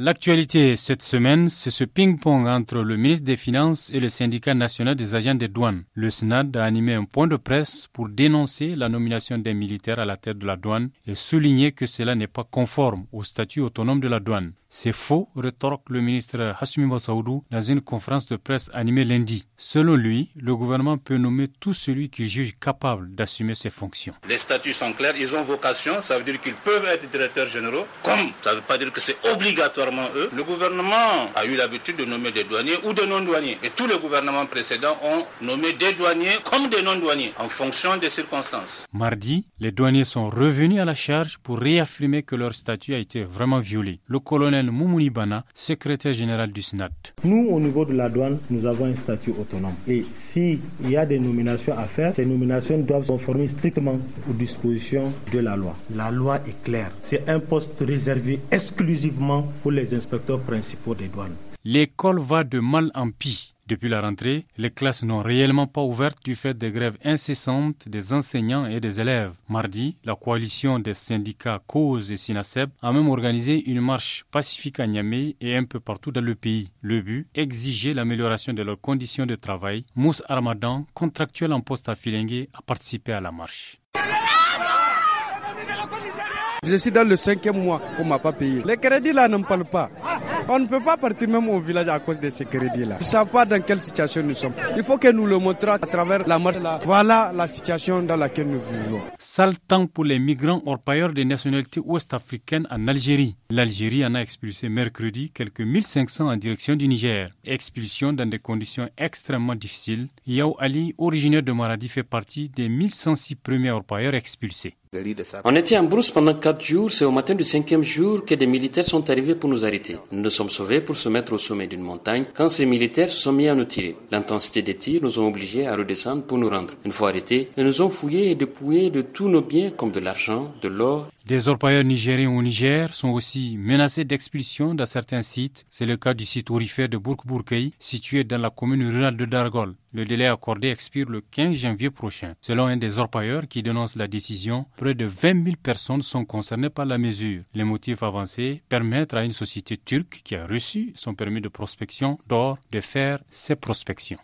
L'actualité cette semaine, c'est ce ping-pong entre le ministre des Finances et le syndicat national des agents des douanes. Le Sénat a animé un point de presse pour dénoncer la nomination des militaires à la tête de la douane et souligner que cela n'est pas conforme au statut autonome de la douane. C'est faux, rétorque le ministre Hassumi Massaoudou dans une conférence de presse animée lundi. Selon lui, le gouvernement peut nommer tout celui qu'il juge capable d'assumer ses fonctions. Les statuts sont clairs, ils ont vocation, ça veut dire qu'ils peuvent être directeurs généraux, comme ça ne veut pas dire que c'est obligatoirement eux. Le gouvernement a eu l'habitude de nommer des douaniers ou des non-douaniers. Et tous les gouvernements précédents ont nommé des douaniers comme des non-douaniers, en fonction des circonstances. Mardi, les douaniers sont revenus à la charge pour réaffirmer que leur statut a été vraiment violé. Le colonel moumouni bana, secrétaire général du SNAT. Nous, au niveau de la douane, nous avons un statut autonome. Et s'il y a des nominations à faire, ces nominations doivent se conformer strictement aux dispositions de la loi. La loi est claire. C'est un poste réservé exclusivement pour les inspecteurs principaux des douanes. L'école va de mal en pis. Depuis la rentrée, les classes n'ont réellement pas ouvertes du fait des grèves incessantes des enseignants et des élèves. Mardi, la coalition des syndicats Cause et Sinaseb a même organisé une marche pacifique à Niamey et un peu partout dans le pays. Le but, exiger l'amélioration de leurs conditions de travail. Mousse Armadan, contractuel en poste à Filengue, a participé à la marche. Je suis dans le cinquième mois qu'on m'a pas payé. Les crédits là ne me parlent pas. On ne peut pas partir même au village à cause de ces crédits-là. Ils ne savent pas dans quelle situation nous sommes. Il faut que nous le montrons à travers la marche. -là. Voilà la situation dans laquelle nous vivons. Sale temps pour les migrants orpailleurs des nationalités ouest-africaines en Algérie. L'Algérie en a expulsé mercredi quelques 1500 en direction du Niger. Expulsion dans des conditions extrêmement difficiles. Yao Ali, originaire de Maradi, fait partie des 1106 premiers orpailleurs expulsés. On était en brousse pendant quatre jours. C'est au matin du cinquième jour que des militaires sont arrivés pour nous arrêter. Nous nous sommes sauvés pour se mettre au sommet d'une montagne quand ces militaires se sont mis à nous tirer. L'intensité des tirs nous ont obligés à redescendre pour nous rendre. Une fois arrêtés, ils nous ont fouillés et dépouillés de tous nos biens comme de l'argent, de l'or des orpailleurs nigériens au Niger sont aussi menacés d'expulsion dans certains sites. C'est le cas du site aurifère de bourg situé dans la commune rurale de Dargol. Le délai accordé expire le 15 janvier prochain. Selon un des orpailleurs qui dénonce la décision, près de 20 000 personnes sont concernées par la mesure. Les motifs avancés permettent à une société turque qui a reçu son permis de prospection d'or de faire ses prospections.